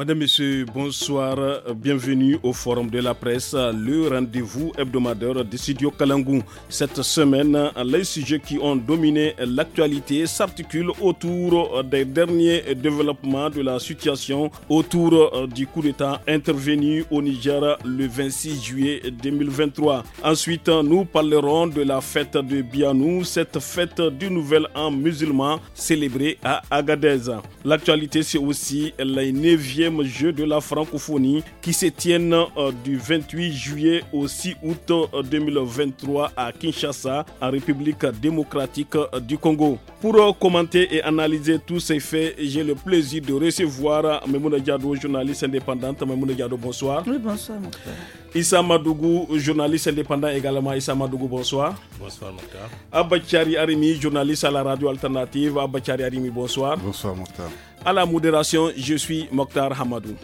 Mesdames, Messieurs, bonsoir. Bienvenue au Forum de la presse, le rendez-vous hebdomadaire de Studio Kalangou. Cette semaine, les sujets qui ont dominé l'actualité s'articulent autour des derniers développements de la situation autour euh, du coup d'État intervenu au Niger le 26 juillet 2023. Ensuite, nous parlerons de la fête de Bianou, cette fête du Nouvel An musulman célébrée à Agadez. L'actualité, c'est aussi les 9 jeu de la francophonie qui se tiennent euh, du 28 juillet au 6 août 2023 euh, à Kinshasa, en République démocratique euh, du Congo. Pour commenter et analyser tous ces faits, j'ai le plaisir de recevoir Memouna Diado, journaliste indépendante. Memouna bonsoir. Oui, bonsoir. Mon frère. Issa Madougou, journaliste indépendant également. Issa Madougou, bonsoir. Bonsoir, Mokhtar. Abba Arimi, journaliste à la radio alternative. Abachari Arimi, bonsoir. Bonsoir, Mokhtar. À la modération, je suis Mokhtar Hamadou.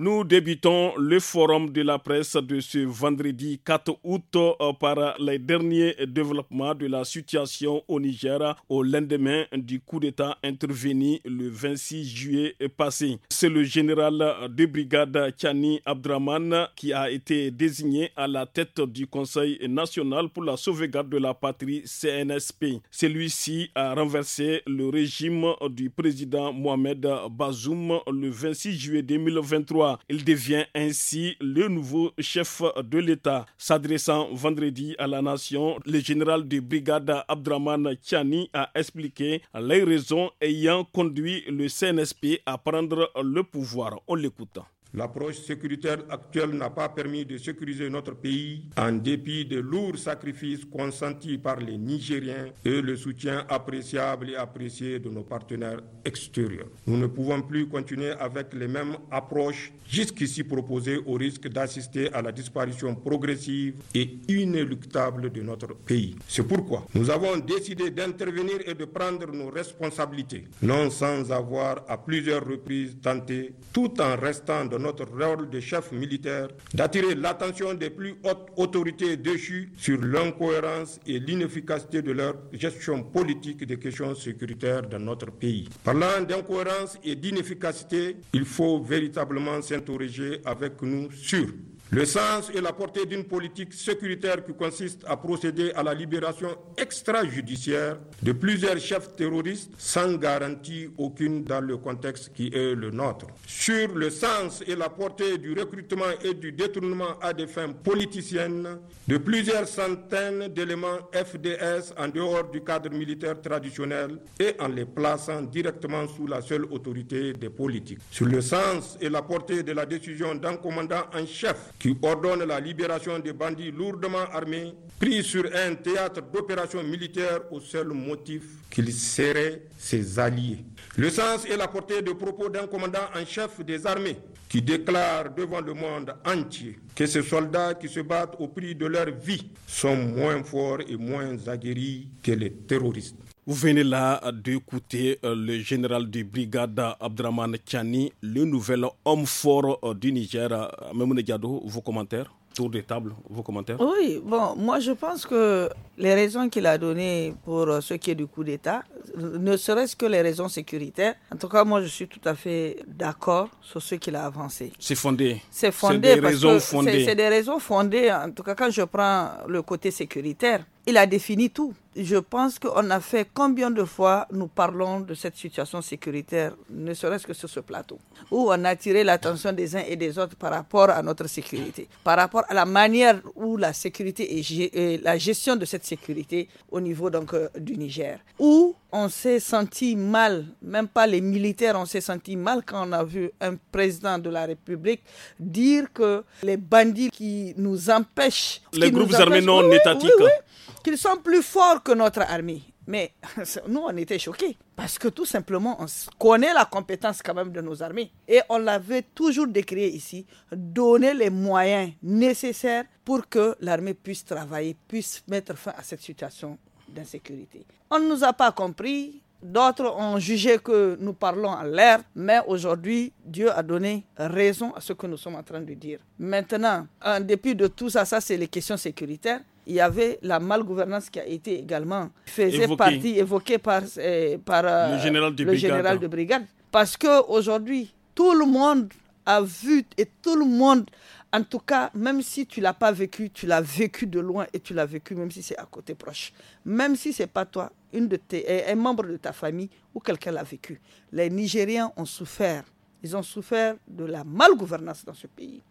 Nous débutons le forum de la presse de ce vendredi 4 août euh, par les derniers développements de la situation au Niger au lendemain du coup d'État intervenu le 26 juillet passé. C'est le général de brigade Tchani Abdraman qui a été désigné à la tête du Conseil national pour la sauvegarde de la patrie CNSP. Celui-ci a renversé le régime du président Mohamed Bazoum le 26 juillet 2023 il devient ainsi le nouveau chef de l'État. S'adressant vendredi à la nation, le général de brigade Abdraman Tchani a expliqué les raisons ayant conduit le CNSP à prendre le pouvoir. On l'écoute. L'approche sécuritaire actuelle n'a pas permis de sécuriser notre pays en dépit des lourds sacrifices consentis par les Nigériens et le soutien appréciable et apprécié de nos partenaires extérieurs. Nous ne pouvons plus continuer avec les mêmes approches jusqu'ici proposées au risque d'assister à la disparition progressive et inéluctable de notre pays. C'est pourquoi nous avons décidé d'intervenir et de prendre nos responsabilités, non sans avoir à plusieurs reprises tenté, tout en restant dans notre rôle de chef militaire d'attirer l'attention des plus hautes autorités déchues sur l'incohérence et l'inefficacité de leur gestion politique des questions sécuritaires dans notre pays. Parlant d'incohérence et d'inefficacité, il faut véritablement s'interroger avec nous sur le sens et la portée d'une politique sécuritaire qui consiste à procéder à la libération extrajudiciaire de plusieurs chefs terroristes sans garantie aucune dans le contexte qui est le nôtre. Sur le sens et la portée du recrutement et du détournement à des fins politiciennes de plusieurs centaines d'éléments FDS en dehors du cadre militaire traditionnel et en les plaçant directement sous la seule autorité des politiques. Sur le sens et la portée de la décision d'un commandant en chef qui ordonne la libération des bandits lourdement armés pris sur un théâtre d'opération militaire au seul motif qu'ils seraient ses alliés. Le sens et la portée de propos d'un commandant en chef des armées qui déclare devant le monde entier que ces soldats qui se battent au prix de leur vie sont moins forts et moins aguerris que les terroristes. Vous venez là d'écouter euh, le général de brigade Abdraman chani, le nouvel homme fort euh, du Niger. Euh, Memoune Gado, vos commentaires Tour de table, vos commentaires Oui, bon, moi je pense que les raisons qu'il a données pour euh, ce qui est du coup d'État, ne serait-ce que les raisons sécuritaires, en tout cas, moi, je suis tout à fait d'accord sur ce qu'il a avancé. C'est fondé. C'est fondé. C'est des raisons fondées. C'est des raisons fondées. En tout cas, quand je prends le côté sécuritaire, il a défini tout. Je pense qu'on a fait combien de fois nous parlons de cette situation sécuritaire, ne serait-ce que sur ce plateau, où on a attiré l'attention des uns et des autres par rapport à notre sécurité, par rapport à la manière où la sécurité et euh, la gestion de cette sécurité au niveau donc euh, du Niger. Où on s'est senti mal, même pas les militaires, on s'est senti mal quand on a vu un président de la République dire que les bandits qui nous empêchent, les groupes armés non étatiques, hein. qu'ils sont plus forts que notre armée. Mais nous, on était choqués parce que tout simplement, on connaît la compétence quand même de nos armées. Et on l'avait toujours décrit ici, donner les moyens nécessaires pour que l'armée puisse travailler, puisse mettre fin à cette situation d'insécurité. On ne nous a pas compris, D'autres ont jugé que nous parlons à l'air, mais aujourd'hui, Dieu a donné raison à ce que nous sommes en train de dire. Maintenant, en dépit de tout ça, ça c'est les questions sécuritaires. Il y avait la malgouvernance qui a été également faisait partie évoquée par, eh, le, euh, général de, le général de brigade. Parce que aujourd'hui, tout le monde a vu et tout le monde, en tout cas, même si tu l'as pas vécu, tu l'as vécu de loin et tu l'as vécu même si c'est à côté proche. Même si c'est pas toi, de tes, un membre de ta famille ou quelqu'un l'a vécu. Les Nigériens ont souffert. Ils ont souffert de la malgouvernance dans ce pays.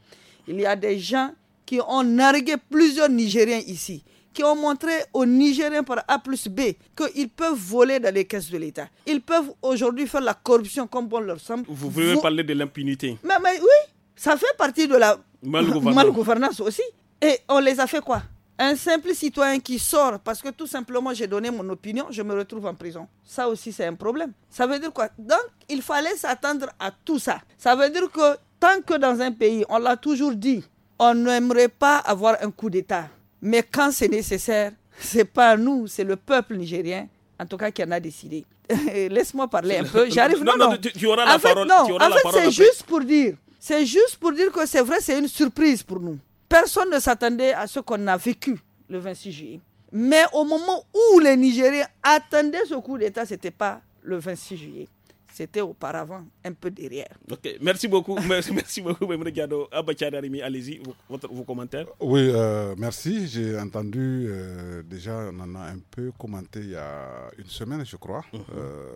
Il y a des gens qui ont nargué plusieurs Nigériens ici, qui ont montré aux Nigériens par A plus B qu'ils peuvent voler dans les caisses de l'État. Ils peuvent aujourd'hui faire la corruption comme bon leur semble. Vous voulez parler de l'impunité mais, oui, ça fait partie de la malgouvernance aussi. Et on les a fait quoi un simple citoyen qui sort parce que tout simplement j'ai donné mon opinion, je me retrouve en prison. Ça aussi c'est un problème. Ça veut dire quoi Donc il fallait s'attendre à tout ça. Ça veut dire que tant que dans un pays, on l'a toujours dit, on n'aimerait pas avoir un coup d'État. Mais quand c'est nécessaire, c'est pas nous, c'est le peuple nigérien, en tout cas, qui en a décidé. Laisse-moi parler un peu. J'arrive. Non, non, non, tu, auras la parole. Non, en fait, c'est juste pour dire. C'est juste pour dire que c'est vrai, c'est une surprise pour nous. Personne ne s'attendait à ce qu'on a vécu le 26 juillet. Mais au moment où les Nigériens attendaient ce coup d'État, ce n'était pas le 26 juillet. C'était auparavant, un peu derrière. Ok, merci beaucoup. merci, merci beaucoup, Allez-y, vos, commentaires. Oui, euh, merci. J'ai entendu, euh, déjà, on en a un peu commenté il y a une semaine, je crois, mhm. euh,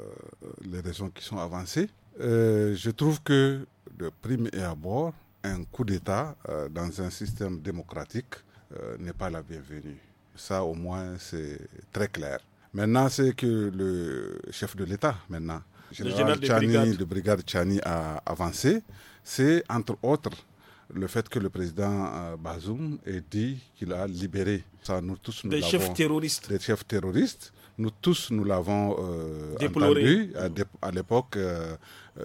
les raisons qui sont avancées. je trouve que, de prime et à bord, un coup d'État euh, dans un système démocratique euh, n'est pas la bienvenue. Ça, au moins, c'est très clair. Maintenant, c'est que le chef de l'État, maintenant, le général Chani, de brigade Chani a avancé, c'est entre autres le fait que le président euh, Bazoum ait dit qu'il a libéré ça, nous tous, nous des chefs terroristes. Des chefs terroristes. Nous tous, nous l'avons déploré à, l'époque,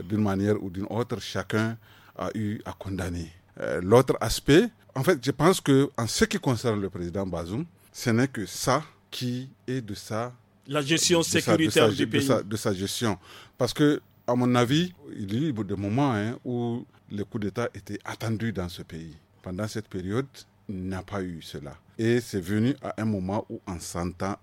d'une manière ou d'une autre, chacun a eu à condamner. Euh, l'autre aspect, en fait, je pense que en ce qui concerne le président Bazoum, ce n'est que ça qui est de sa la gestion sécuritaire du pays, de sa, gestion, parce que à mon avis, il y a eu des moments hein, où le coup d'État était attendu dans ce pays. Pendant cette période, il n'y a pas eu cela, et c'est venu à un moment où on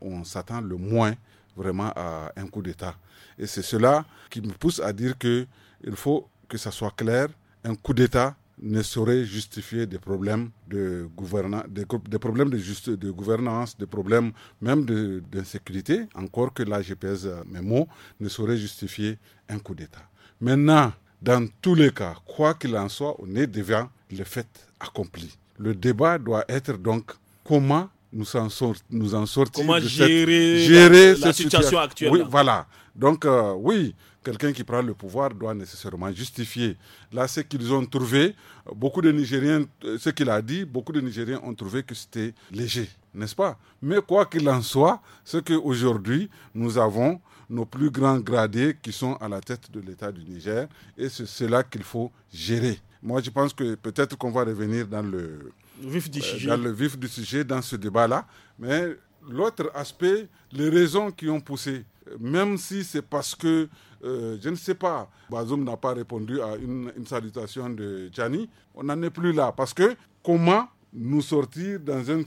on s'attend le moins vraiment à un coup d'État. Et c'est cela qui me pousse à dire que il faut que ça soit clair un coup d'État ne saurait justifier des problèmes de gouvernance, des, problèmes de, juste, de gouvernance, des problèmes même d'insécurité, encore que la GPS, euh, mes mots, ne saurait justifier un coup d'État. Maintenant, dans tous les cas, quoi qu'il en soit, on est devant le fait accompli. Le débat doit être donc comment nous en, nous en sortir. Comment gérer, cette, la, situation, actuelle. Oui, voilà. Donc, euh, oui, quelqu'un qui prend le pouvoir doit nécessairement justifier. Là, ce qu'ils ont trouvé, beaucoup de Nigériens, euh, ce qu'il a dit, beaucoup de Nigériens ont trouvé que c'était léger, n'est-ce pas Mais quoi qu'il en soit, ce qu'aujourd'hui, nous avons nos plus grands gradés qui sont à la tête de l'État du Niger, et c'est cela qu'il faut gérer. Moi, je pense que peut-être qu'on va revenir dans le, euh, dans le vif du sujet, dans ce débat-là, mais l'autre aspect, les raisons qui ont poussé même si c'est parce que, euh, je ne sais pas, Bazoum n'a pas répondu à une, salutation de Gianni, on n'en est plus là. Parce que comment nous sortir dans une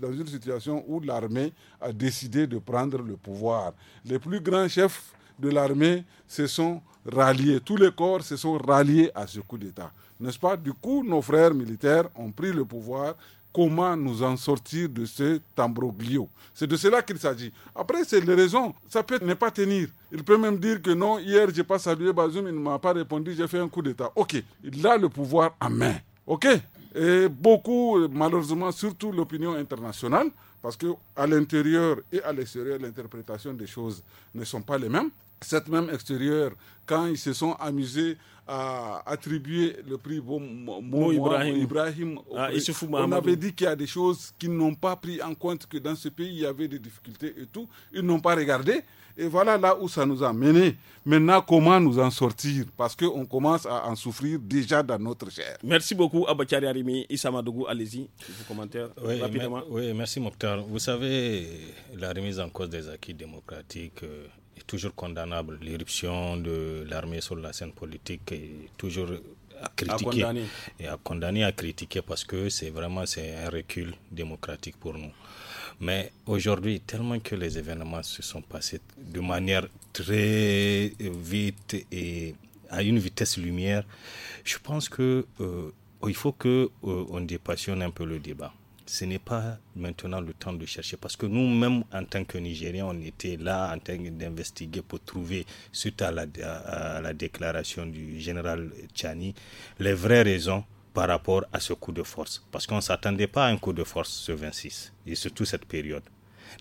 dans une situation où l'armée a décidé de prendre le pouvoir Les plus grands chefs de l'armée se sont ralliés, tous les corps se sont ralliés à ce coup d'État. N'est-ce pas Du coup, nos frères militaires ont pris le pouvoir comment nous en sortir de ce Tambroglio C'est de cela qu'il s'agit. Après, c'est les raisons. Ça peut ne pas tenir. Il peut même dire que non, hier, je n'ai pas salué Bazoum, il ne m'a pas répondu, j'ai fait un coup d'État. OK, il a le pouvoir en main. OK Et beaucoup, malheureusement, surtout l'opinion internationale, parce qu'à l'intérieur et à l'extérieur, l'interprétation des choses ne sont pas les mêmes cette même extérieure, quand ils se sont amusés à attribuer le prix bon Ibrahim, ah, on avait dit qu'il y a des choses qu'ils n'ont pas pris en compte, que dans ce pays, il y avait des difficultés et tout. Ils n'ont pas regardé. Et voilà là où ça nous a mené Maintenant, comment nous en sortir Parce qu'on commence à en souffrir déjà dans notre chair. Merci beaucoup, Abakari Arimi. Issa allez-y, vos commentaires rapidement. Oui, merci, Mokhtar. Vous savez, la remise en cause des acquis démocratiques, euh, toujours condamnable. L'éruption de l'armée sur la scène politique est toujours à critiquer et à condamner, à critiquer parce que c'est vraiment c'est un recul démocratique pour nous. Mais aujourd'hui, tellement que les événements se sont passés de manière très vite et à une vitesse lumière, je pense que euh, il faut que euh, on dépassionne un peu le débat ce n'est pas maintenant le temps de chercher parce que nous-mêmes, en tant que Nigériens, on était là en train d'investiguer pour trouver, suite à la, déclaration du général Tchani, les vraies raisons par rapport à ce coup de force. Parce qu'on ne s'attendait pas à un coup de force ce 26, et surtout cette période.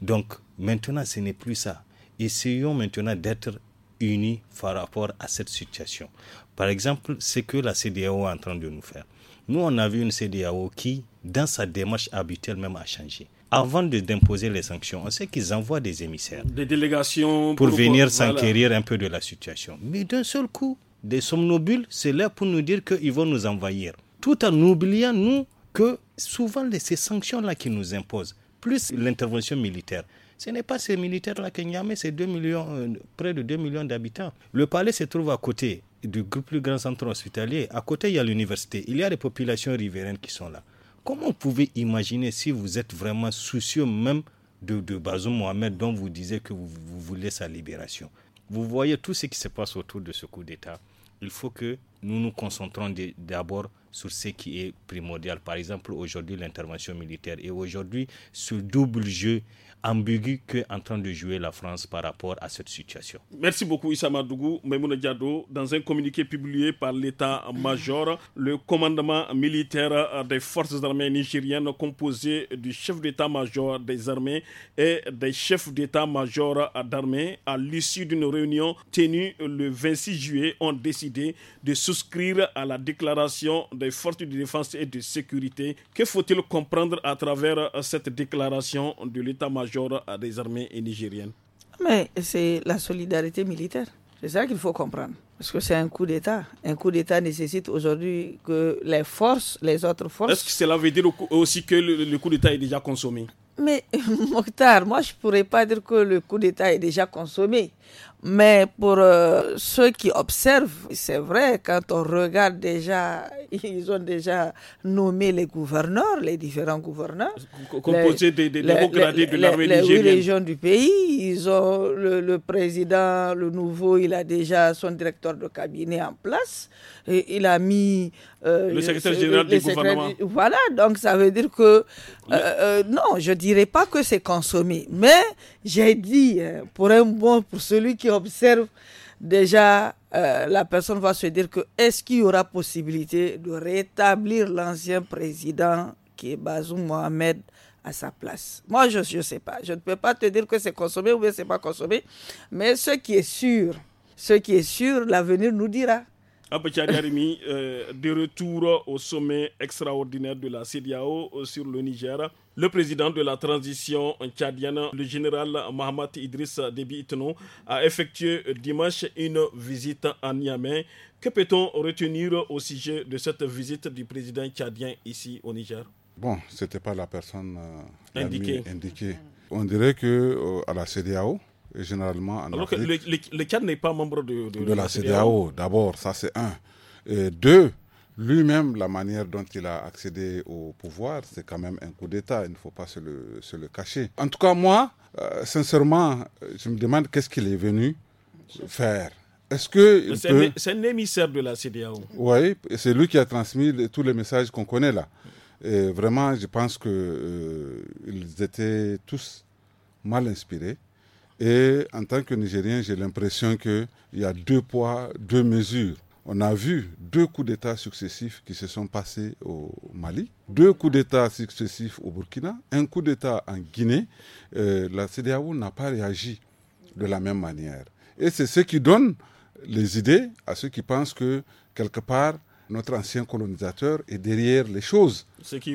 Donc maintenant, ce n'est plus ça. Essayons maintenant d'être unis par rapport à cette situation. Par exemple, c'est que la CDAO e est en train de nous faire. Nous, on a vu une CDAO qui, dans sa démarche habituelle même, a changé. Avant de d'imposer les sanctions, on sait qu'ils envoient des émissaires. Des délégations. Pour, venir s'enquérir un peu de la situation. Mais d'un seul coup, des somnobules, c'est là pour nous dire qu'ils vont nous envahir. Tout en oubliant, nous, que souvent ces sanctions-là qui nous imposent, plus l'intervention militaire, ce n'est pas ces militaires-là que mais ces 2 millions, euh, près de 2 millions d'habitants. Le palais se trouve à côté du plus grand centre hospitalier. À côté, il y a l'université. Il y a des populations riveraines qui sont là. Comment vous pouvez imaginer si vous êtes vraiment soucieux même de, de Bazoum Mohamed dont vous disiez que vous, vous voulez sa libération Vous voyez tout ce qui se passe autour de ce coup d'État. Il faut que nous nous concentrons d'abord sur ce qui est primordial. Par exemple, aujourd'hui, l'intervention militaire et aujourd'hui, ce double jeu ambigu que en train de jouer la France par rapport à cette situation. Merci beaucoup Issa Madougou. Diado, dans un communiqué publié par l'état-major, le commandement militaire des forces armées nigériennes composé du chef d'état-major des armées et des chefs d'état-major d'armée à l'issue d'une réunion tenue le 26 juillet ont décidé de souscrire à la déclaration des forces de défense et de sécurité. Que faut-il comprendre à travers cette déclaration de l'état-major à des armées nigériennes Mais c'est la solidarité militaire. C'est ça qu'il faut comprendre. Parce que c'est un coup d'État. Un coup d'État nécessite aujourd'hui que les forces, les autres forces. Est-ce que cela veut dire aussi que le, coup d'État est déjà consommé Mais Mokhtar, moi je ne pourrais pas dire que le coup d'État est déjà consommé. Mais pour euh, ceux qui observent, c'est vrai, quand on regarde déjà ils ont déjà nommé les gouverneurs, les différents gouverneurs. Composés des, des, de l'armée nigérienne. Les régions du pays. Ils ont le, président, le nouveau, il a déjà son directeur de cabinet en place. Et il a mis. Euh, le secrétaire général du gouvernement. Voilà, donc ça veut dire que. Euh, euh, non, je ne dirais pas que c'est consommé. Mais j'ai dit, hein, pour un bon, pour celui qui observe déjà euh, la personne va se dire que est-ce qu'il y aura possibilité de rétablir l'ancien président qui est Bazoum Mohamed à sa place. Moi, je ne sais pas. Je ne peux pas te dire que c'est consommé ou bien c'est pas consommé. Mais ce qui est sûr, ce qui est sûr, l'avenir nous dira. Abachar Yarimi, euh, de retour au sommet extraordinaire de la CDAO eh, sur le Niger, le président de la transition tchadienne, le général Mohamed Idriss Déby Itno, a effectué dimanche une visite à Niamey. Que peut-on retenir au sujet de cette visite du président tchadien ici au Niger Bon, ce n'était pas la personne euh, indiquée. On dirait que euh, à la CDAO, généralement le, le, le n'est pas membre de, de, la, CDAO. D'abord, ça c'est un. Et deux, lui-même, la manière dont il a accédé au pouvoir, c'est quand même un coup d'État, il ne faut pas se le, se le, cacher. En tout cas, moi, euh, sincèrement, je me demande qu'est-ce qu'il est venu faire. Est-ce que. C'est un, émissaire de la CDAO. Oui, c'est lui qui a transmis tous les messages qu'on connaît là. Et vraiment, je pense qu'ils euh, étaient tous mal inspirés. Et en tant que Nigérien, j'ai l'impression qu'il y a deux poids, deux mesures. On a vu deux coups d'État successifs qui se sont passés au Mali, deux coups d'État successifs au Burkina, un coup d'État en Guinée. Euh, la CDAO n'a pas réagi de la même manière. Et c'est ce qui donne les idées à ceux qui pensent que, quelque part, notre ancien colonisateur est derrière les choses.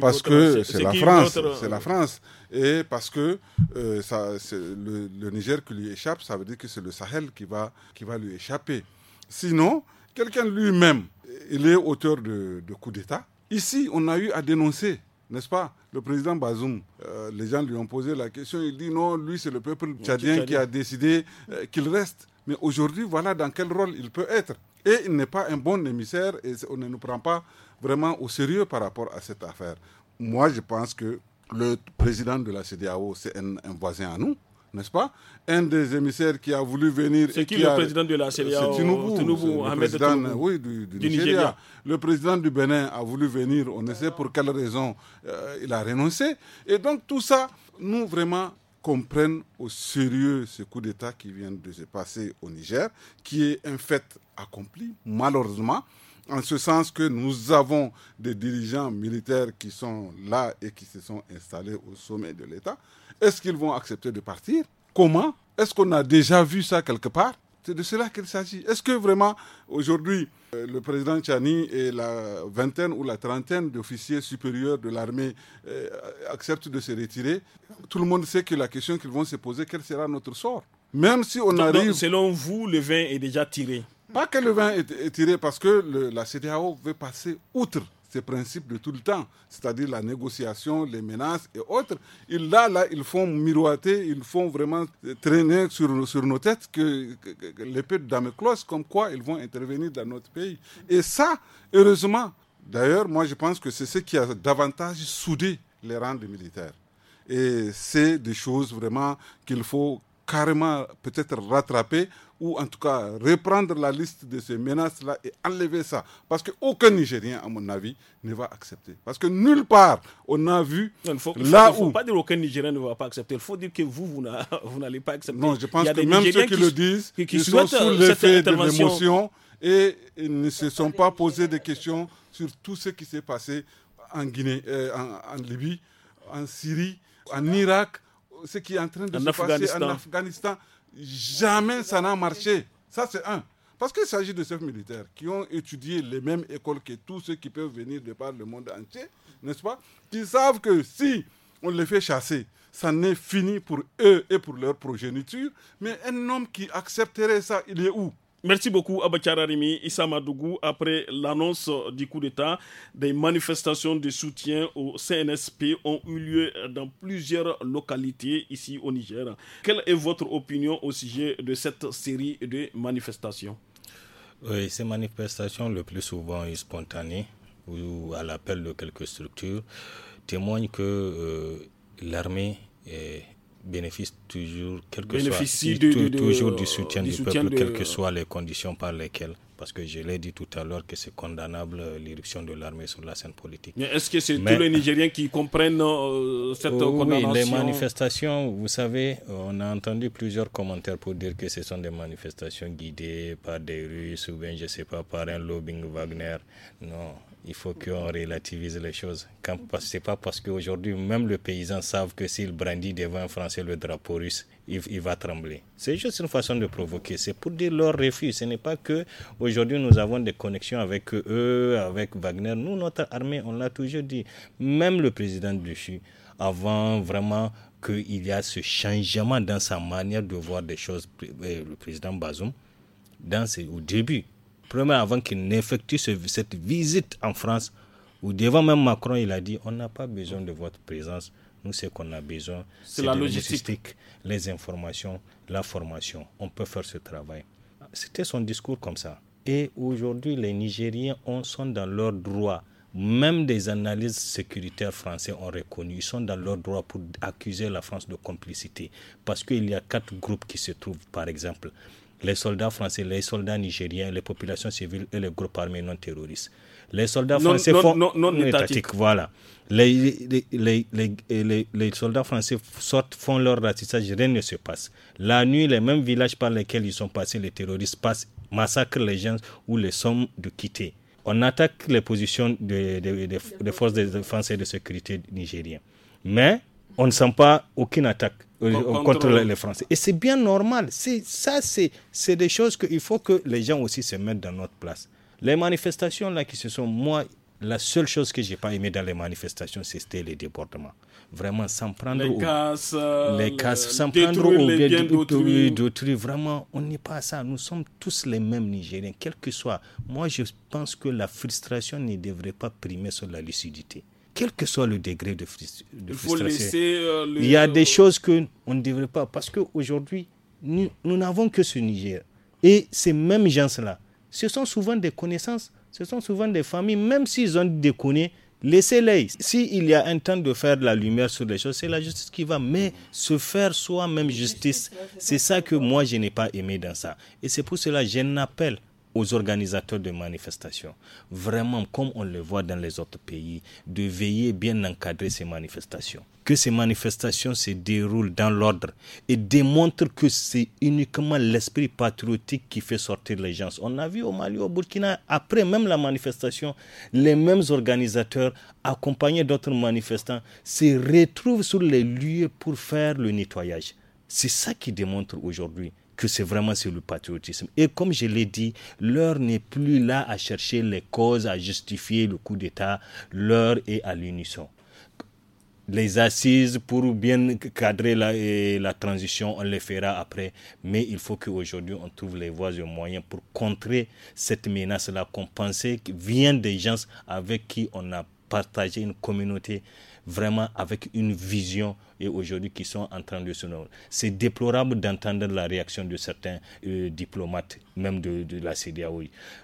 Parce que c'est la France, c'est la France. Et parce que euh, ça, le, le, Niger qui lui échappe, ça veut dire que c'est le Sahel qui va, qui va lui échapper. Sinon, quelqu'un lui-même, il est auteur de, de coups d'État. Ici, on a eu à dénoncer, n'est-ce pas, le président Bazoum. Euh, les gens lui ont posé la question, il dit non, lui c'est le peuple tchadien qui a décidé euh, qu'il reste. Mais aujourd'hui, voilà dans quel rôle il peut être. Et il n'est pas un bon émissaire et on ne nous prend pas vraiment au sérieux par rapport à cette affaire. Moi, je pense que le président de la CDAO, c'est un, voisin à nous, n'est-ce pas Un des émissaires qui a voulu venir. C'est qui, le président de la CDAO C'est Tinubu, le Ahmed président, du, Nigeria. Le président du Bénin a voulu venir, on ne sait pour quelle raison euh, il a renoncé. Et donc tout ça, nous vraiment, qu'on au sérieux ce coup d'État qui vient de se passer au Niger, qui est un fait accompli, malheureusement, en ce sens que nous avons des dirigeants militaires qui sont là et qui se sont installés au sommet de l'État. Est-ce qu'ils vont accepter de partir Comment Est-ce qu'on a déjà vu ça quelque part c'est de cela qu'il s'agit. Est-ce que vraiment, aujourd'hui, euh, le président Chani et la vingtaine ou la trentaine d'officiers supérieurs de l'armée euh, acceptent de se retirer Tout le monde sait que la question qu'ils vont se poser, quel sera notre sort Même si on arrive. selon vous, le vin est déjà tiré Pas que le vin est, tiré, parce que la CDAO veut passer outre ces principes de tout le temps, c'est-à-dire la négociation, les menaces et autres. Ils, là, là, ils font miroiter, ils font vraiment traîner sur, sur nos têtes que, les que comme quoi ils vont intervenir dans notre pays. Et ça, heureusement, d'ailleurs, moi je pense que c'est ce qui a davantage soudé les rangs des militaires. Et c'est des choses vraiment qu'il faut carrément peut-être rattraper ou en tout cas reprendre la liste de ces menaces-là et enlever ça. Parce qu'aucun Nigérien, à mon avis, ne va accepter. Parce que nulle part, on a vu là où... ne faut pas dire qu'aucun Nigérien ne va pas accepter. Il faut dire que vous, vous n'allez pas accepter. Non, je pense que même ceux qui, le disent, qui, ils sont sous euh, l'effet de l'émotion et ils ne se sont pas posés des questions sur tout ce qui s'est passé en Guinée, euh, en, Libye, en Syrie, en Irak, ce qui est en train de se passer en Afghanistan. Jamais ça n'a marché. Ça, c'est un. Parce qu'il s'agit de chefs militaires qui ont étudié les mêmes écoles que tous ceux qui peuvent venir de par le monde entier, n'est-ce pas Qui savent que si on les fait chasser, ça n'est fini pour eux et pour leur progéniture. Mais un homme qui accepterait ça, il est où Merci beaucoup Arimi. Issa Madougou. Après l'annonce du coup d'État, des manifestations de soutien au CNSP ont eu lieu dans plusieurs localités ici au Niger. Quelle est votre opinion au sujet de cette série de manifestations Oui, ces manifestations le plus souvent spontanées ou à l'appel de quelques structures témoignent que euh, l'armée est bénéficie toujours, quelque soit, toujours du soutien du, peuple, quelles que soient les conditions par lesquelles parce que je l'ai dit tout à l'heure que c'est condamnable euh, l'irruption de l'armée sur la scène politique. Mais est-ce que c'est tous les Nigériens qui comprennent euh, cette cette oh oui, les manifestations, vous savez, on a entendu plusieurs commentaires pour dire que ce sont des manifestations guidées par des Russes ou bien, je ne sais pas, par un lobbying Wagner. Non, il faut qu'on relativise les choses. Ce n'est pas parce qu'aujourd'hui, même le paysan savent que s'il brandit devant un Français le drapeau russe, il, va trembler. C'est juste une façon de provoquer. C'est pour dire leur refus. Ce n'est pas que aujourd'hui nous avons des connexions avec eux, avec Wagner. Nous, notre armée, on l'a toujours dit. Même le président duchy avant vraiment qu'il y a ce changement dans sa manière de voir des choses, eh, le président Bazoum, dans au début, première avant qu'il n'effectue cette visite en France, ou devant même Macron, il a dit on n'a pas besoin de votre présence nous, ce qu'on a besoin, c'est la logistique. les informations, la formation. On peut faire ce travail. C'était son discours comme ça. Et aujourd'hui, les Nigériens ont sont dans leur droit, Même des analyses sécuritaires françaises ont reconnu, ils sont dans leur droit pour accuser la France de complicité. Parce qu'il y a quatre groupes qui se trouvent, par exemple les soldats français, les soldats nigériens, les populations civiles et les groupes armés non terroristes. Les soldats français font voilà. Les, les, les, les, soldats français sortent, font leur ratissage, rien ne se passe. La nuit, les mêmes villages par lesquels ils sont passés, les terroristes passent, massacrent les gens ou les sommes de quitter. On attaque les positions des de, forces de défense et de sécurité nigériennes. Mais on ne sent pas aucune attaque euh, contre, les Français. Et c'est bien normal. Ça, c'est des choses qu'il faut que les gens aussi se mettent dans notre place. Les manifestations là qui se sont, moi, la seule chose que j'ai pas aimé dans les manifestations, c'était les débordements. Vraiment, sans prendre les euh, les sans prendre au bien d'autrui. Vraiment, on n'est pas à ça. Nous sommes tous les mêmes Nigériens, quel que soit. Moi, je pense que la frustration ne devrait pas primer sur la lucidité quel que soit le degré de, frustration. Il, euh, Il y a des choses qu'on ne devrait pas, parce qu'aujourd'hui, nous n'avons que ce Niger. Et ces mêmes gens-là, ce sont souvent des connaissances, ce sont souvent des familles, même s'ils ont déconné, laissez-les. S'il y a un temps de faire la lumière sur les choses, c'est la justice qui va, mais se faire soi-même justice, c'est ça que moi je n'ai pas aimé dans ça. Et c'est pour cela que n'appelle aux organisateurs de manifestations, vraiment comme on le voit dans les autres pays, de veiller bien encadrer ces manifestations. Que ces manifestations se déroulent dans l'ordre et démontrent que c'est uniquement l'esprit patriotique qui fait sortir les gens. On a vu au Mali, au Burkina, après même la manifestation, les mêmes organisateurs, accompagnés d'autres manifestants, se retrouvent sur les lieux pour faire le nettoyage. C'est ça qui démontre aujourd'hui que c'est vraiment sur le patriotisme. Et comme je l'ai dit, l'heure n'est plus là à chercher les causes, à justifier le coup d'État. L'heure est à l'unisson les assises pour bien cadrer la, la, transition, on les fera après. Mais il faut qu'aujourd'hui, on trouve les voies et moyens pour contrer cette menace-là qu'on pensait qui vient des gens avec qui on a partagé une communauté vraiment avec une vision et aujourd'hui qui sont en train de se nommer. C'est déplorable d'entendre la réaction de certains euh, diplomates, même de, la CDAO.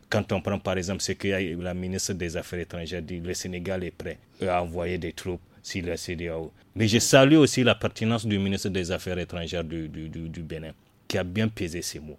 Quand on prend par exemple ce que la ministre des Affaires étrangères dit, le Sénégal est prêt à envoyer des troupes si la CDAO. Mais je salue aussi la pertinence du ministre des Affaires étrangères du, du Bénin, qui a bien pesé ses mots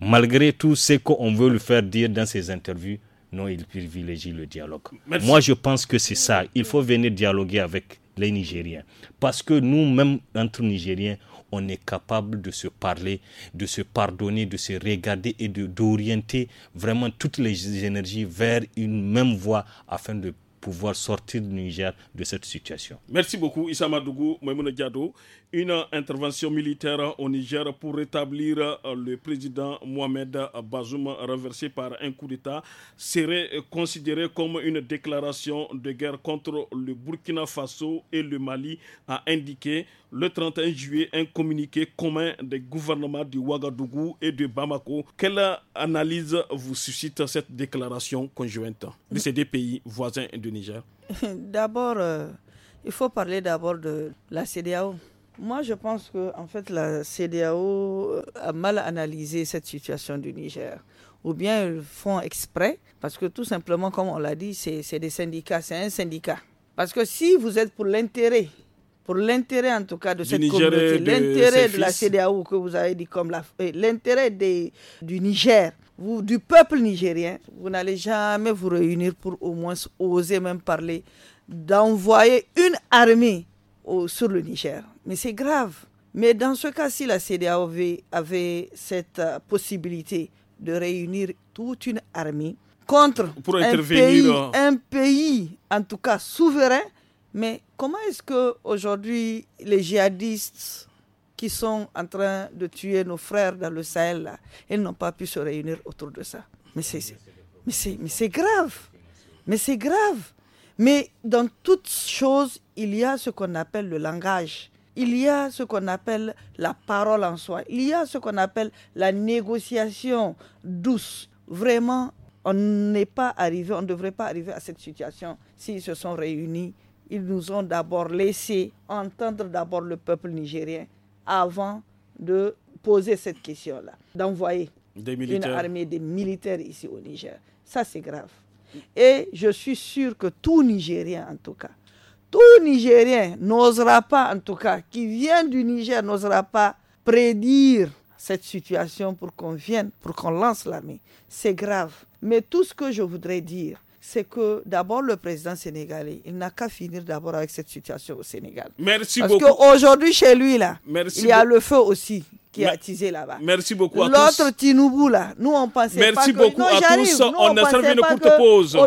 malgré tout ce qu'on veut lui faire dire dans ses interviews, non, ils privilégient le dialogue. Moi, je pense que c'est ça. Il faut venir dialoguer avec les Nigériens. Parce que nous-mêmes, entre Nigériens, on est capable de se parler, de se pardonner, de se regarder et d'orienter vraiment toutes les énergies vers une même voie afin de pouvoir sortir du Niger de cette situation. Merci beaucoup Issa Madougou, Maimouna Diado une intervention militaire au Niger pour rétablir euh, le président Mohamed Bazoum renversé par un coup d'État serait considérée comme une déclaration de guerre contre le Burkina Faso et le Mali, a indiqué le 31 juillet un communiqué commun des gouvernements du Ouagadougou et de Bamako. Quelle analyse vous suscite cette déclaration conjointe de ces deux pays voisins du Niger D'abord, euh, il faut parler d'abord de la CDAO. Moi, je pense que en fait, la CDAO euh, a mal analysé cette situation du Niger. Ou bien ils font exprès, parce que tout simplement, comme on l'a dit, c'est des syndicats, c'est un syndicat. Parce que si vous êtes pour l'intérêt, pour l'intérêt en tout cas de ce cette Niger communauté, l'intérêt de, la CDAO que vous avez dit comme euh, l'intérêt du Niger, vous, du peuple nigérien, vous n'allez jamais vous réunir pour au moins oser même parler d'envoyer une armée sur le Niger. Mais c'est grave. Mais dans ce cas, ci la CDAOV avait, cette euh, possibilité de réunir toute une armée contre un, pays, en tout cas souverain, mais comment est-ce que aujourd'hui les djihadistes qui sont en train de tuer nos frères dans le Sahel, ils n'ont pas pu se réunir autour de ça Mais c'est grave. Mais c'est grave. Mais dans toutes choses, il y a ce qu'on appelle le langage il y a ce qu'on appelle la parole en soi, il y a ce qu'on appelle la négociation douce. Vraiment, on n'est pas arrivé, on ne devrait pas arriver à cette situation s'ils se sont réunis. Ils nous ont d'abord laissé entendre d'abord le peuple nigérien avant de poser cette question-là, d'envoyer une armée de militaires ici au Niger. Ça, c'est grave. Et je suis sûr que tout Nigérien, en tout cas, tout Nigérien n'osera pas, en tout cas, qui vient du Niger, n'osera pas prédire cette situation pour qu'on vienne, pour qu'on lance l'armée. C'est grave. Mais tout ce que je voudrais dire, c'est que d'abord le président sénégalais, il n'a qu'à finir d'abord avec cette situation au Sénégal. Merci beaucoup. Parce qu'aujourd'hui chez lui là, il y a le feu aussi qui est a attisé là-bas. Merci beaucoup à tous. L'autre Tinoubou là, nous on pensait Merci pas que... beaucoup à tous. on, a servi une courte pause.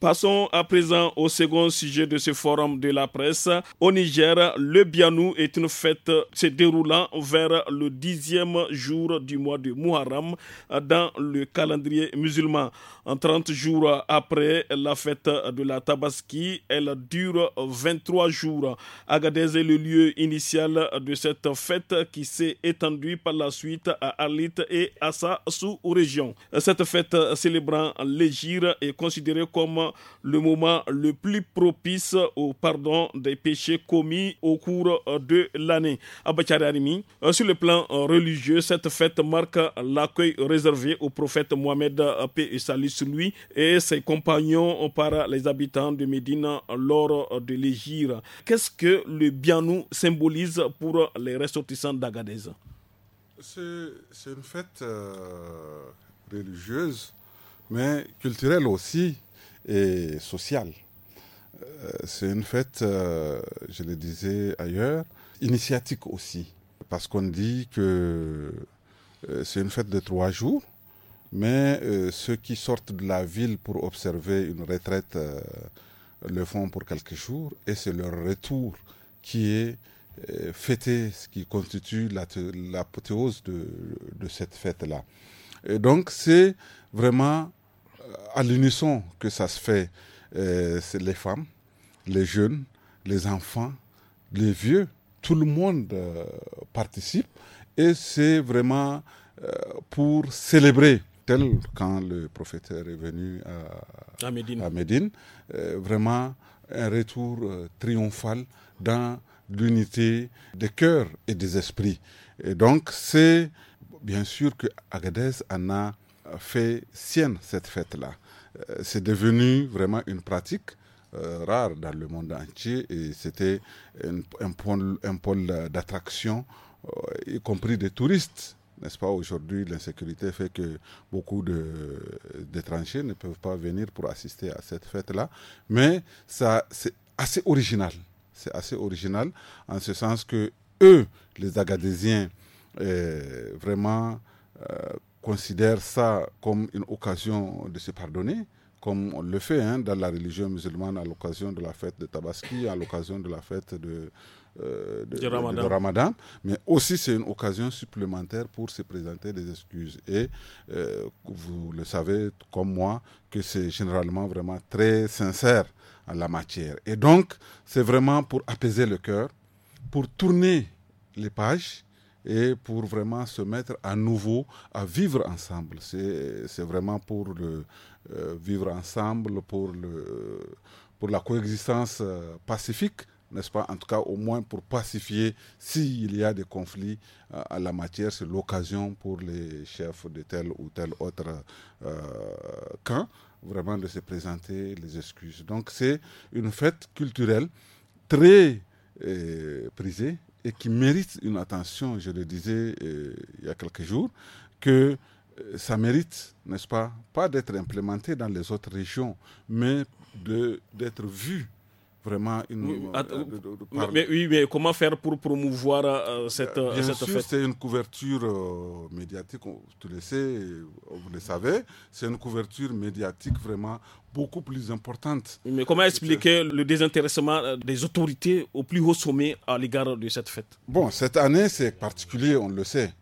Passons à présent au second sujet de ce forum de la presse. Au Niger, le Bianou est une fête se déroulant vers le dixième jour du mois de Muharram dans le calendrier musulman. En 30 jours après la fête de la Tabaski, elle dure 23 jours. Agadez est le lieu initial de cette fête qui s'est étendue par la suite à Alit et à sa sous-région. Cette fête célébrant l'égir est considérée comme le moment le plus propice au pardon des péchés commis au cours euh, de l'année. Euh, sur le plan euh, religieux, cette fête marque l'accueil réservé au prophète Mohamed paix et salut et ses compagnons par les habitants de Médine lors de l'égir. Qu'est-ce que le Bianou symbolise pour les ressortissants d'Agadez C'est une fête religieuse, mais culturelle aussi et sociale. Euh, c'est une fête, euh, je le disais ailleurs, initiatique aussi, parce qu'on dit que euh, c'est une fête de trois jours, mais ceux qui sortent de la ville pour observer une retraite le font pour quelques jours, et c'est leur retour qui est fêté, ce qui constitue l'apothéose de, de cette fête-là. Et donc c'est vraiment à l'unisson que ça se fait. Euh, c'est les femmes, les jeunes, les enfants, les vieux. Tout le monde euh, participe et c'est vraiment euh, pour célébrer. Tel quand le prophète est venu à, Médine, vraiment un retour triomphal dans l'unité des cœurs et des esprits. Et donc c'est bien sûr que Agadez en a fait sienne cette fête-là. Euh, c'est devenu vraiment une pratique euh, rare dans le monde entier et c'était un, pôle, d'attraction, euh, y compris des touristes. N'est-ce pas, aujourd'hui, l'insécurité fait que beaucoup d'étrangers ne peuvent pas venir pour assister à cette fête-là. Mais c'est assez original. C'est assez original en ce sens que eux, les Agadésiens, vraiment considère ça comme une occasion de se pardonner, comme on le fait hein, dans la religion musulmane à l'occasion de la fête de Tabaski, à l'occasion de la fête de, euh, Ramadan. mais aussi c'est une occasion supplémentaire pour se présenter des excuses. Et euh, vous le savez comme moi que c'est généralement vraiment très sincère en la matière. Et donc c'est vraiment pour apaiser le cœur, pour tourner les pages et pour vraiment se mettre à nouveau à vivre ensemble. C'est vraiment pour euh, vivre ensemble, pour, le, pour la coexistence euh, pacifique n'est-ce pas En tout cas, au moins pour pacifier, s'il y a des conflits à euh, la matière, c'est l'occasion pour les chefs de tel ou tel autre camp, vraiment de se présenter les excuses. Donc c'est une fête culturelle très prisée, et qui mérite une attention, je le disais euh, il y a quelques jours, que euh, ça mérite, n'est-ce pas, pas d'être implémenté dans les autres régions, mais d'être vu vraiment une. Euh, mais, oui, mais comment faire pour promouvoir euh, cette, euh, fête C'est une couverture médiatique, le vous le savez, c'est une couverture médiatique vraiment beaucoup plus importante. Mais comment expliquer le désintéressement des autorités au plus haut sommet à l'égard de cette fête Bon, cette année, c'est particulier, on le sait.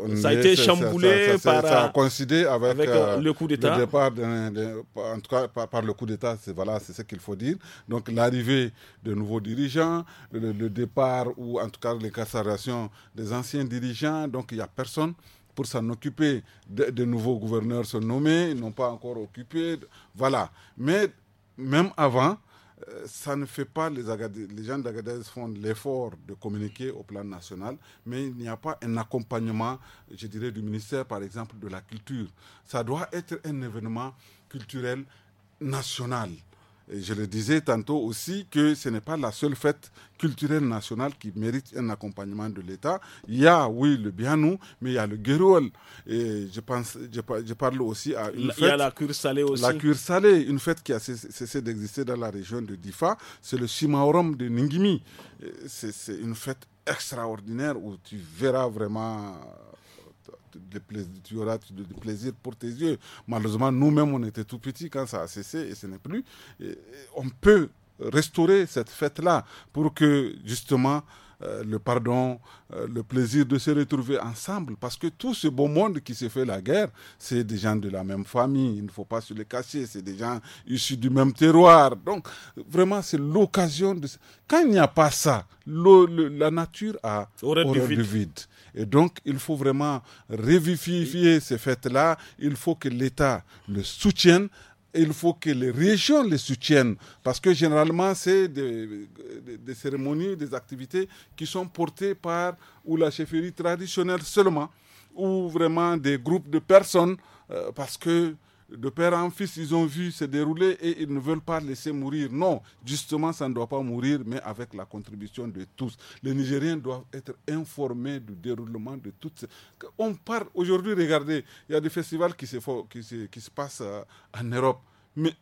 On ça a été chamboulé par. Ça a avec, euh, le coup euh, d'État. départ, en tout cas, par, le coup d'État, c'est voilà, ce qu'il faut dire. Donc, l'arrivée de nouveaux dirigeants, le, départ ou en tout cas l'incarcération des anciens dirigeants. Donc, il n'y a personne pour s'en occuper. De, nouveaux gouverneurs sont nommés, ils n'ont pas encore occupé. Voilà. Mais même avant, euh, ça ne fait pas, les, les gens d'Agadez font l'effort de communiquer au plan national, mais il n'y a pas un accompagnement, je dirais, du ministère, par exemple, de la culture. Ça doit être un événement culturel national je le disais tantôt aussi que ce n'est pas la seule fête culturelle nationale qui mérite un accompagnement de l'État. Il y a, oui, le Bianou, mais il y a le Guérol. Et je, pense, je, parle aussi à une fête. la cure salée aussi. La cure salée, une fête qui a cessé d'exister dans la région de Difa. C'est le Shimaorum de Ningimi. C'est une fête extraordinaire où tu verras vraiment tu auras du plaisir pour tes yeux. Malheureusement, nous-mêmes, on était tout petits quand ça a cessé et ce n'est plus. on peut restaurer cette fête-là pour que justement euh, le pardon, euh, le plaisir de se retrouver ensemble, parce que tout ce beau monde qui s'est fait la guerre, c'est des gens de la même famille, il ne faut pas se les cacher, c'est des gens issus du même terroir. Donc, vraiment, c'est l'occasion de... Quand il n'y a pas ça, la nature a horreur du vide. Et donc, il faut vraiment revivifier ces fêtes-là. Il faut que l'État le soutienne il faut que les régions les soutiennent parce que généralement c'est des, cérémonies, des activités qui sont portées par ou la chefferie traditionnelle seulement ou vraiment des groupes de personnes euh, parce que de père en fils, ils ont vu se dérouler et ils ne veulent pas laisser mourir. Non, justement, ça ne doit pas mourir, mais avec la contribution de tous. Les Nigériens doivent être informés du déroulement de toutes. On parle aujourd'hui, regardez, il y a des festivals qui se, font, qui se, qui se passent euh, en Europe. Mais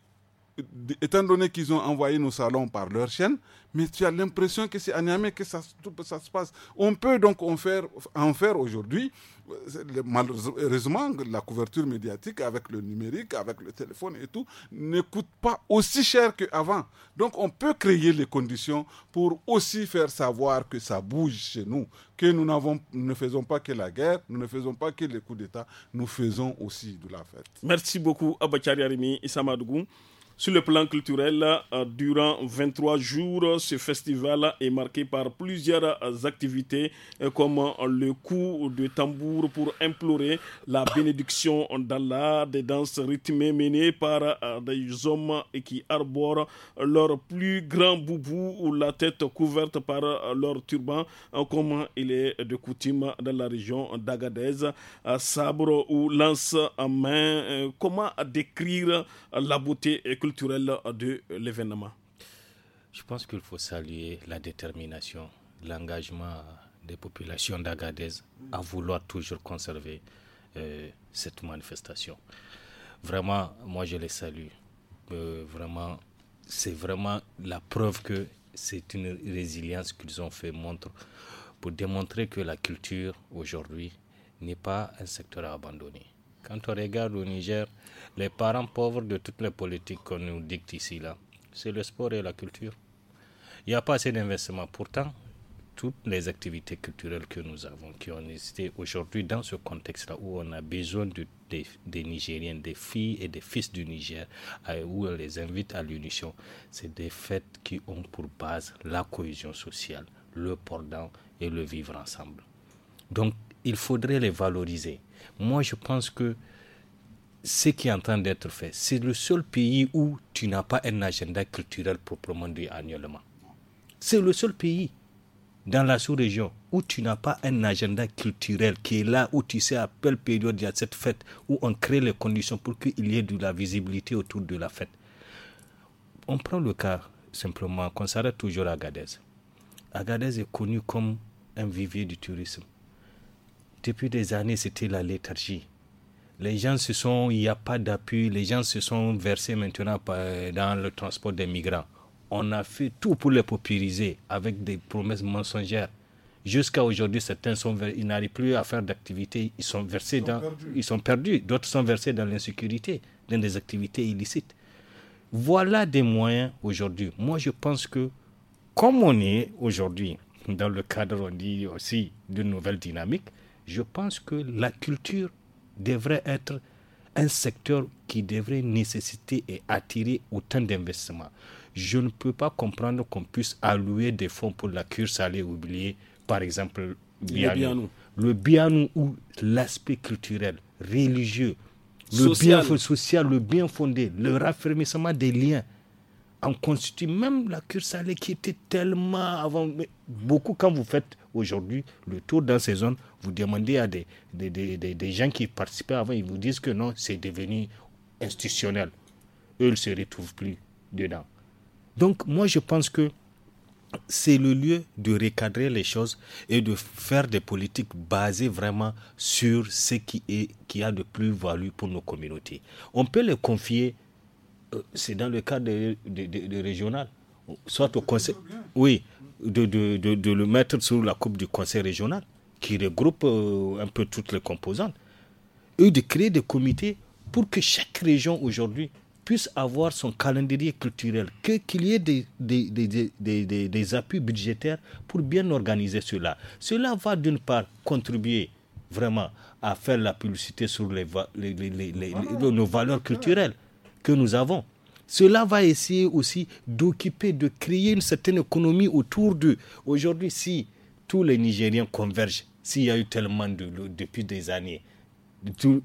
étant donné qu'ils ont envoyé nos salons par leur chaîne, mais tu as l'impression que c'est à Niamey que ça, tout, ça se passe. On peut donc en faire, en faire aujourd'hui, euh, malheureusement, la couverture médiatique avec le numérique, avec le téléphone et tout, ne coûte pas aussi cher qu'avant. Donc on peut créer les conditions pour aussi faire savoir que ça bouge chez nous, que nous, ne faisons pas que la guerre, nous ne faisons pas que les coups d'État, nous faisons aussi de la fête. Merci beaucoup, Abakari Arimi et sur le plan culturel, euh, durant 23 jours, ce festival est marqué par plusieurs activités euh, comme euh, le coup de tambour pour implorer la bénédiction d'Allah, des danses rythmées menées par des hommes qui arborent leur plus grand boubou ou la tête couverte par leur turban, comme il est de coutume dans la région d'Agadez, sabre ou lance en main. Comment décrire la beauté culturelle culturel de l'événement Je pense qu'il faut saluer la détermination, l'engagement des populations d'Agadez à vouloir toujours conserver euh, cette manifestation. Vraiment, moi je les salue. Euh, vraiment, c'est vraiment la preuve que c'est une résilience qu'ils ont fait montre pour démontrer que la culture aujourd'hui n'est pas un secteur abandonné. Quand on regarde au Niger, les parents pauvres de toutes les politiques qu'on nous dicte ici, là, c'est le sport et la culture. Il n'y a pas assez d'investissement. Pourtant, toutes les activités culturelles que nous avons, qui ont existé aujourd'hui dans ce contexte-là où on a besoin de, des Nigériens, des filles et des fils du Niger, où on les invite à l'unition, c'est des fêtes qui ont pour base la cohésion sociale, le pardon et le vivre ensemble. Donc il faudrait les valoriser. Moi, je pense que ce qui est en train d'être fait, c'est le seul pays où tu n'as pas un agenda culturel proprement dit annuellement. C'est le seul pays dans la sous-région où tu n'as pas un agenda culturel qui est là où tu sais à quelle période il y a cette fête, où on crée les conditions pour qu'il y ait de la visibilité autour de la fête. On prend le cas simplement qu'on s'arrête toujours à Agadez. Agadez est connu comme un vivier du tourisme depuis des années, c'était la léthargie. Les gens se sont, il n'y a pas d'appui, les gens se sont versés maintenant dans le transport des migrants. On a fait tout pour les populariser avec des promesses mensongères. Jusqu'à aujourd'hui, certains sont, ils n'arrivent plus à faire d'activité. ils sont versés dans, ils sont perdus. D'autres sont versés dans l'insécurité, dans des activités illicites. Voilà des moyens aujourd'hui. Moi, je pense que comme on est aujourd'hui dans le cadre, on dit aussi, d'une nouvelle dynamique, je pense que la culture devrait être un secteur qui devrait nécessiter et attirer autant d'investissements. Je ne peux pas comprendre qu'on puisse allouer des fonds pour la cure salée oublier, par exemple, le Bianou. Le ou l'aspect culturel, religieux, le bien social, le bien fondé, le raffermissement des liens en constitue même la cure salée qui était tellement avant. beaucoup, quand vous faites aujourd'hui le tour dans ces zones, vous demandez à des, des, gens qui participaient avant, ils vous disent que non, c'est devenu institutionnel. Eux ne se retrouvent plus dedans. Donc moi, je pense que c'est le lieu de recadrer les choses et de faire des politiques basées vraiment sur ce qui, est, qui a de plus-value pour nos communautés. On peut les confier, euh, c'est dans le cadre de, régional, soit au conseil, oui, de, de le mettre sous la coupe du conseil régional qui regroupe euh, un peu toutes les composantes, et de créer des comités pour que chaque région aujourd'hui puisse avoir son calendrier culturel, qu'il y ait des des, des, des, des, appuis budgétaires pour bien organiser cela. Cela va d'une part contribuer vraiment à faire la publicité sur les, ah. nos valeurs ah. culturelles que nous avons. Cela va essayer aussi d'occuper, de créer une certaine économie autour d'eux. Aujourd'hui, si tous les Nigériens convergent. S'il y a eu tellement de, depuis des années,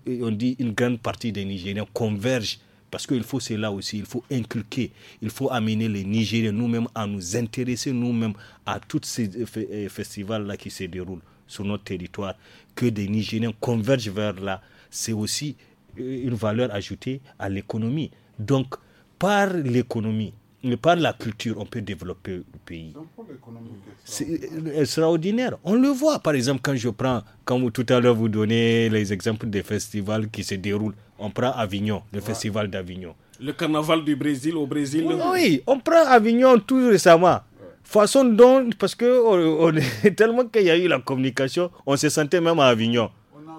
on dit une grande partie des Nigériens convergent parce qu'il faut cela aussi, il faut inculquer, il faut amener les Nigériens nous-mêmes à nous intéresser nous-mêmes à tous ces euh, festivals-là qui se déroulent sur notre territoire, que des Nigériens convergent vers là. C'est aussi euh, une valeur ajoutée à l'économie. Donc, par l'économie, mais par la culture, on peut développer le pays. C'est euh, extraordinaire. On le voit, par exemple, quand je prends, quand vous, tout à l'heure vous donnez les exemples des festivals qui se déroulent. On prend Avignon, le festival d'Avignon. Le carnaval du Brésil au Brésil. Oui, on prend Avignon tout récemment. Façon dont, parce que oh, oh, on, tellement qu'il y a eu la communication, on se sentait même à Avignon. on,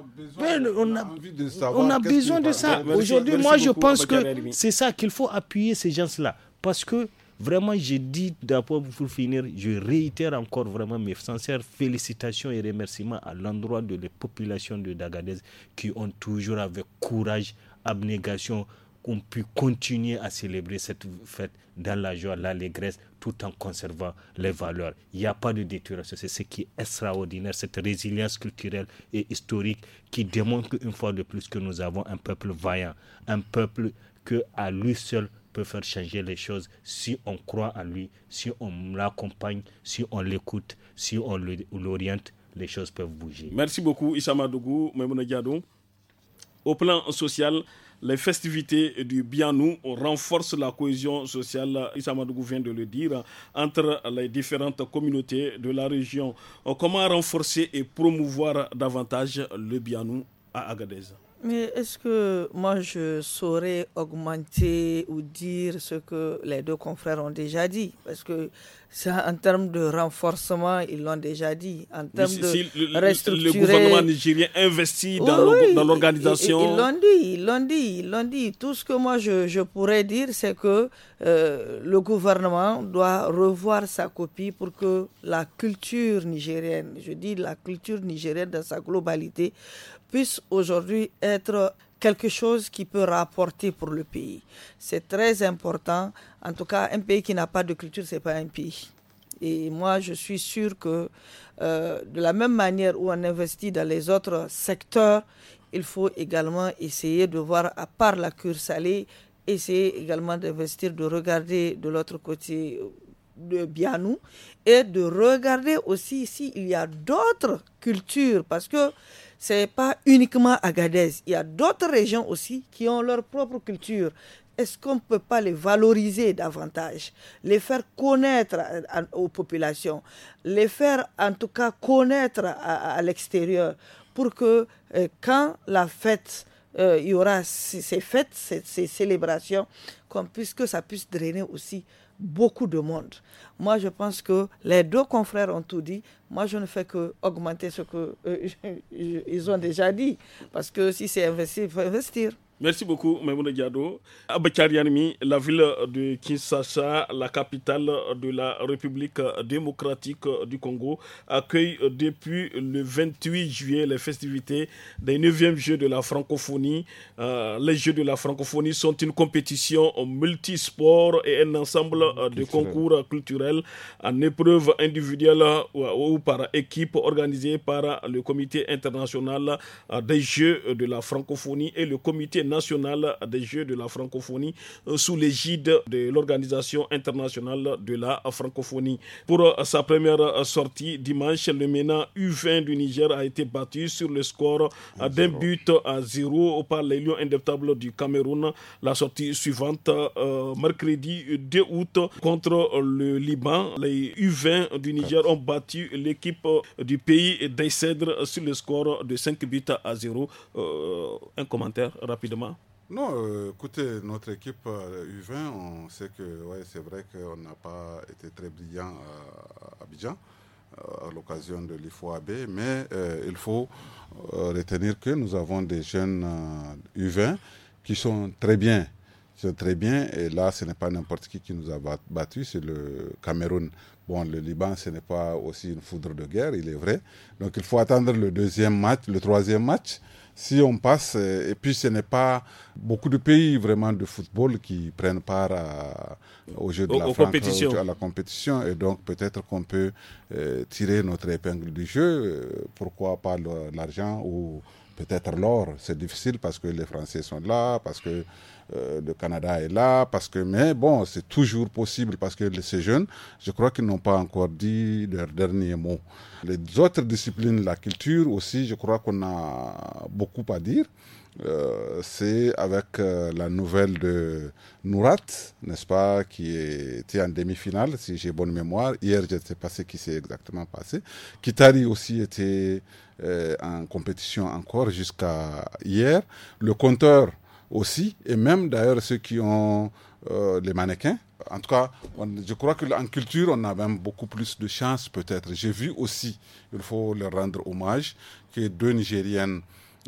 a, ben, on a besoin de ça. Aujourd'hui, moi, je pense que c'est ça qu'il faut appuyer ces gens-là. Parce que vraiment, je dis d'abord pour finir, je réitère encore vraiment mes sincères félicitations et remerciements à l'endroit de la population de Dagadez qui ont toujours avec courage, abnégation, ont pu continuer à célébrer cette fête dans la joie, l'allégresse, tout en conservant les valeurs. Il n'y a pas de détérioration. C'est ce qui est extraordinaire, cette résilience culturelle et historique qui démontre une fois de plus que nous avons un peuple vaillant, un peuple que à lui seul peut faire changer les choses si on croit en lui, si on l'accompagne, si on l'écoute, si on l'oriente, les choses peuvent bouger. Merci beaucoup Issa Madougou, Au plan social, les festivités du Bianou renforcent la cohésion sociale, Issa Madougou vient de le dire, entre les différentes communautés de la région. Comment renforcer et promouvoir davantage le Bianou à Agadez mais est-ce que moi je saurais augmenter ou dire ce que les deux confrères ont déjà dit Parce que ça, en termes de renforcement, ils l'ont déjà dit. En termes de restructuration, le, le, gouvernement nigérien investit dans l'organisation. Ils l'ont dit, ils l'ont dit, ils l'ont dit. Tout ce que moi je, pourrais dire, c'est que euh, le gouvernement doit revoir sa copie pour que la culture nigérienne, je dis la culture nigérienne dans sa globalité, puisse aujourd'hui être quelque chose qui peut rapporter pour le pays. C'est très important. En tout cas, un pays qui n'a pas de culture, c'est pas un pays. Et moi, je suis sûr que euh, de la même manière où on investit dans les autres secteurs, il faut également essayer de voir, à part la cure salée, essayer également d'investir, de regarder de l'autre côté de Bianou et de regarder aussi s'il y a d'autres cultures parce que c'est pas uniquement Agadez, il y a d'autres régions aussi qui ont leur propre culture. Est-ce qu'on ne peut pas les valoriser davantage, les faire connaître aux populations, les faire en tout cas connaître à, l'extérieur pour que euh, quand la fête euh, il y aura ces, fêtes, ces, ces célébrations, puisse puisque ça puisse drainer aussi beaucoup de monde. Moi, je pense que les deux confrères ont tout dit. Moi, je ne fais que augmenter ce que euh, ils ont déjà dit. Parce que si c'est investir, il faut investir. Merci beaucoup, Maimouna Diado. Abakarianmi, la ville de Kinshasa, la capitale de la République démocratique du Congo, accueille depuis le 28 juillet les festivités des 9e Jeux de la francophonie. Euh, les Jeux de la francophonie sont une compétition multisport et un ensemble de concours culturels en épreuve individuelle ou, par équipe organisée par le Comité international des Jeux de la francophonie et le Comité national national des Jeux de la francophonie euh, sous l'égide de l'Organisation internationale de la francophonie. Pour euh, sa première euh, sortie dimanche, le MENA U20 du Niger a été battu sur le score d'un but à zéro par les Lions Indeptables du Cameroun. La sortie suivante, mercredi 2 août, contre le Liban, les U20 du Niger ont battu l'équipe du pays des sur le score de 5 buts à 0. un commentaire rapidement non, euh, écoutez, notre équipe U20, euh, on sait que c'est vrai qu'on n'a pas été très brillant à Abidjan euh, à, l'occasion de l'IFOAB, mais il faut retenir que nous avons des jeunes U20 qui sont très bien. Qui sont très bien, et là, ce n'est pas n'importe qui qui nous a battus, c'est le Cameroun. Bon, le Liban, ce n'est pas aussi une foudre de guerre, il est vrai. Donc, il faut attendre le deuxième match, le troisième match si on passe, euh, et puis ce n'est pas beaucoup de pays vraiment de football qui prennent part à, au jeu de la France, à la compétition, et donc peut-être qu'on peut, euh, tirer notre épingle du jeu, euh, pourquoi pas l'argent ou peut-être l'or, c'est difficile parce que les Français sont là, parce que euh, le Canada est là, parce que, mais bon, c'est toujours possible parce que ces jeunes, je crois qu'ils n'ont pas encore dit leur dernier mot. Les autres disciplines, la culture aussi, je crois qu'on a beaucoup à dire. Euh, c'est avec euh, la nouvelle de Nourat, n'est-ce pas, qui était en demi-finale, si j'ai bonne mémoire. Hier, je ne sais pas ce qui s'est exactement passé. Kitari aussi était en compétition encore jusqu'à hier. Le compteur aussi, et même d'ailleurs ceux qui ont euh, les mannequins. En tout cas, je crois qu'en culture, on a même beaucoup plus de chance peut-être. J'ai vu aussi, il faut leur rendre hommage, que deux Nigériennes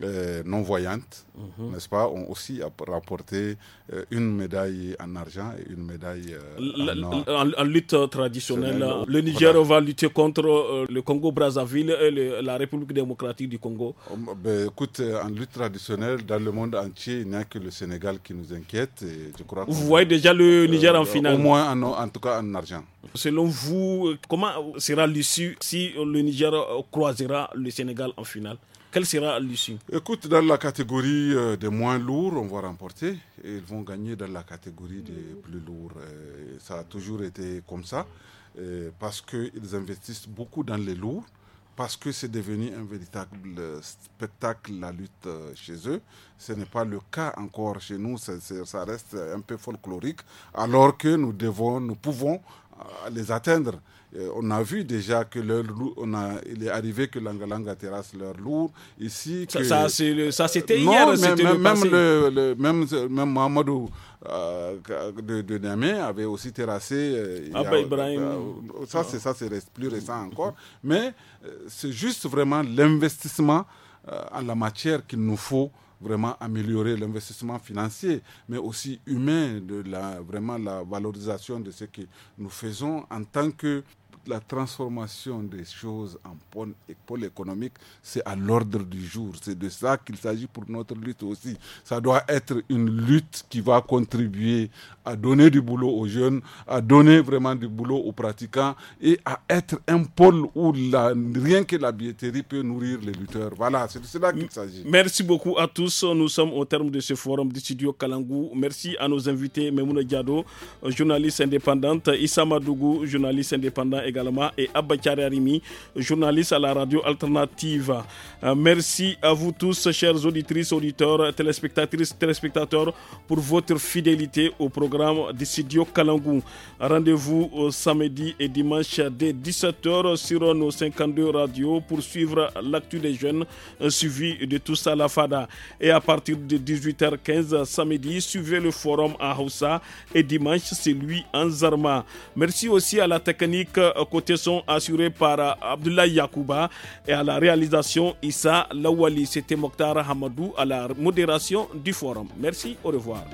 euh, non-voyantes, mhm. n'est-ce pas, ont aussi rapporté euh, une médaille en argent et une médaille euh, en, En, lutte traditionnelle. Le Niger va lutter contre le Congo-Brazzaville et la République démocratique du Congo. Oh, ben, écoute, en lutte traditionnelle, dans le monde entier, il n'y a que le Sénégal qui nous inquiète. crois vous voyez déjà le Niger en finale Au moins, en, en tout cas, en argent. Selon vous, comment sera l'issue si le Niger croisera le Sénégal en finale quelle sera l'issue Écoute, dans la catégorie euh, des moins lourds, on va remporter. Et ils vont gagner dans la catégorie des plus lourds. Euh, ça a toujours été comme ça. Euh, parce qu'ils investissent beaucoup dans les lourds parce que c'est devenu un véritable spectacle la lutte chez eux. Ce n'est pas le cas encore chez nous, ça, ça, reste un peu folklorique, alors que nous devons, nous pouvons les atteindre. Euh, on a vu déjà que leur on a, il est arrivé que l'Angalanga terrasse leur lourd. Ici, ça, ça, c'était hier, même, le, même, même Mohamedou euh, de, de avait aussi terrassé. Euh, ah, bah, Ibrahim. Bah, ça, c'est ça, c'est plus récent mm-hmm. encore. mais c'est juste vraiment l'investissement en la matière qu'il nous faut vraiment améliorer l'investissement financier, mais aussi humain, de la, vraiment la valorisation de ce que nous faisons en tant que la transformation des choses en pôle, économique, c'est à l'ordre du jour. C'est de ça qu'il s'agit pour notre lutte aussi. Ça doit être une lutte qui va contribuer à donner du boulot aux jeunes, à donner vraiment du boulot aux pratiquants et à être un pôle où rien que la billetterie peut nourrir les lutteurs. Voilà, c'est de cela qu'il s'agit. Merci beaucoup à tous. Nous sommes au terme de ce forum du studio Kalangou. Merci à nos invités, Memouna Diado, journaliste indépendante, Issa Madougou, journaliste indépendant et et Abba Arimi, journaliste à la radio alternative. Euh, merci à vous tous, chers auditrices, auditeurs, téléspectatrices, téléspectateurs, pour votre fidélité au programme de Studio Kalangou. Rendez-vous euh, samedi et dimanche dès 17h sur nos 52 radios pour suivre l'actu des jeunes euh, suivi de tout à la FADA. Et à partir de 18h15 samedi, suivez le forum à Hausa et dimanche, c'est lui en Zarma. Merci aussi à la technique côté sont assurés par euh, Abdullah Yakouba et à la réalisation Issa Lawali. C'était Mokhtar Hamadou à la modération du forum. Merci, au revoir.